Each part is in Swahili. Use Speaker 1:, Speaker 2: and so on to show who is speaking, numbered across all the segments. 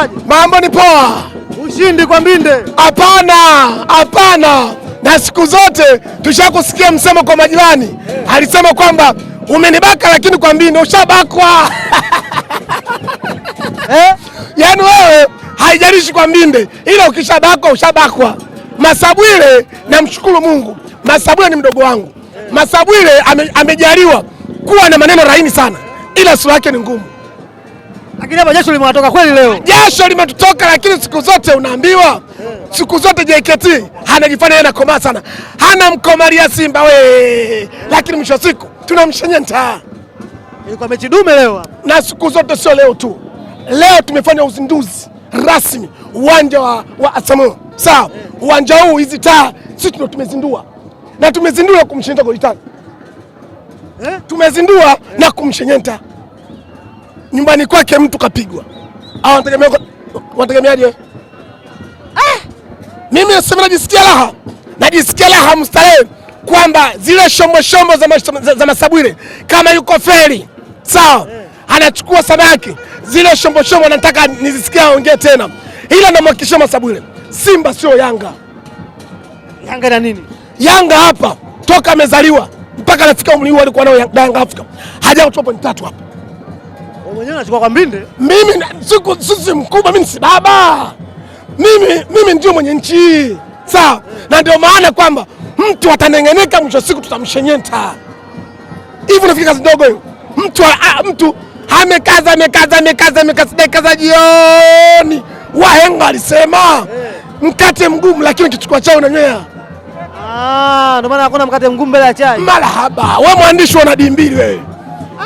Speaker 1: Inakuwaje? Mambo ni poa.
Speaker 2: Ushindi kwa mbinde?
Speaker 1: Hapana, hapana. Na siku zote tushakusikia msemo kwa majirani yeah. Alisema kwamba umenibaka lakini kwa mbinde ushabakwa eh? Yaani wewe haijarishi kwa mbinde, ila ukishabakwa ushabakwa. Masabwile namshukuru Mungu, Masabwile ni mdogo wangu. Eh. Masabwile amejaliwa kuwa na maneno rahini sana, ila sura yake ni ngumu
Speaker 2: lakini hapa jasho limewatoka kweli leo.
Speaker 1: Jasho limetutoka lakini siku zote unaambiwa siku zote JKT anajifanya yeye anakoma sana. Hana mkomalia Simba we. Lakini mwisho wa siku tunamshenya ntaa.
Speaker 2: Ilikuwa mechi dume leo hapa.
Speaker 1: Na siku zote sio leo tu. Leo tumefanya uzinduzi rasmi uwanja wa, wa Asamo. Sawa. Uwanja huu hizi taa sisi ndio tumezindua. Na tumezindua kumshinda goli tano. Eh? Tumezindua na kumshenyenta nyumbani kwake mtu kapigwa, au wanategemeaje? Ah, mimi nasema najisikia raha, najisikia raha mstarehe kwamba zile shombo shombo za, za, za Masabwire kama yuko feri sawa, eh. anachukua samaki zile shombo shombo, nataka nizisikia aongee tena, ila namhakikishia Masabwire Simba sio Yanga. Yanga na nini? Yanga hapa toka amezaliwa mpaka nafika umri huu alikuwa nao Yanga Afrika hajakutoa pointi tatu hapa
Speaker 2: mwenyewe anachukua kwa mbinde.
Speaker 1: Mimi siku sisi mkubwa, mimi si baba, mimi mimi ndio mwenye nchi sawa. Na ndio maana kwamba mtu atanengeneka, mwisho siku tutamshenyeta hivi. Unafika kazi ndogo hiyo, mtu mtu amekaza amekaza amekaza amekaza dakika jioni. Wahenga alisema eh. mkate mgumu lakini kichukua chao unanywea
Speaker 2: Ah, ndio maana hakuna mkate mgumu bila chai.
Speaker 1: Marahaba. Wewe mwandishi una dimbili wewe.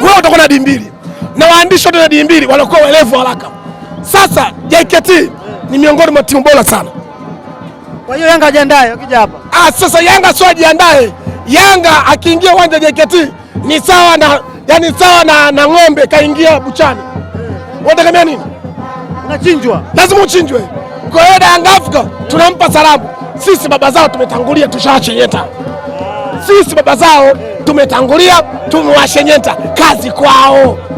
Speaker 1: Wewe utakuwa na dimbili na waandishi wote na dini mbili wanakuwa haraka. Sasa JKT ni miongoni mwa timu bora sana.
Speaker 2: Kwa hiyo Yanga ajiandae akija hapa.
Speaker 1: Ah, sasa Yanga sio ajiandae. Yanga akiingia uwanja JKT ni sawa na yani sawa na, na ng'ombe kaingia buchani. Hmm. Unategemea nini? Unachinjwa. Lazima uchinjwe. Kwa hiyo Yanga Afrika tunampa salamu. Sisi baba zao tumetangulia tushawachenyeta. Sisi baba zao tumetangulia tumewashenyeta. Kazi kwao.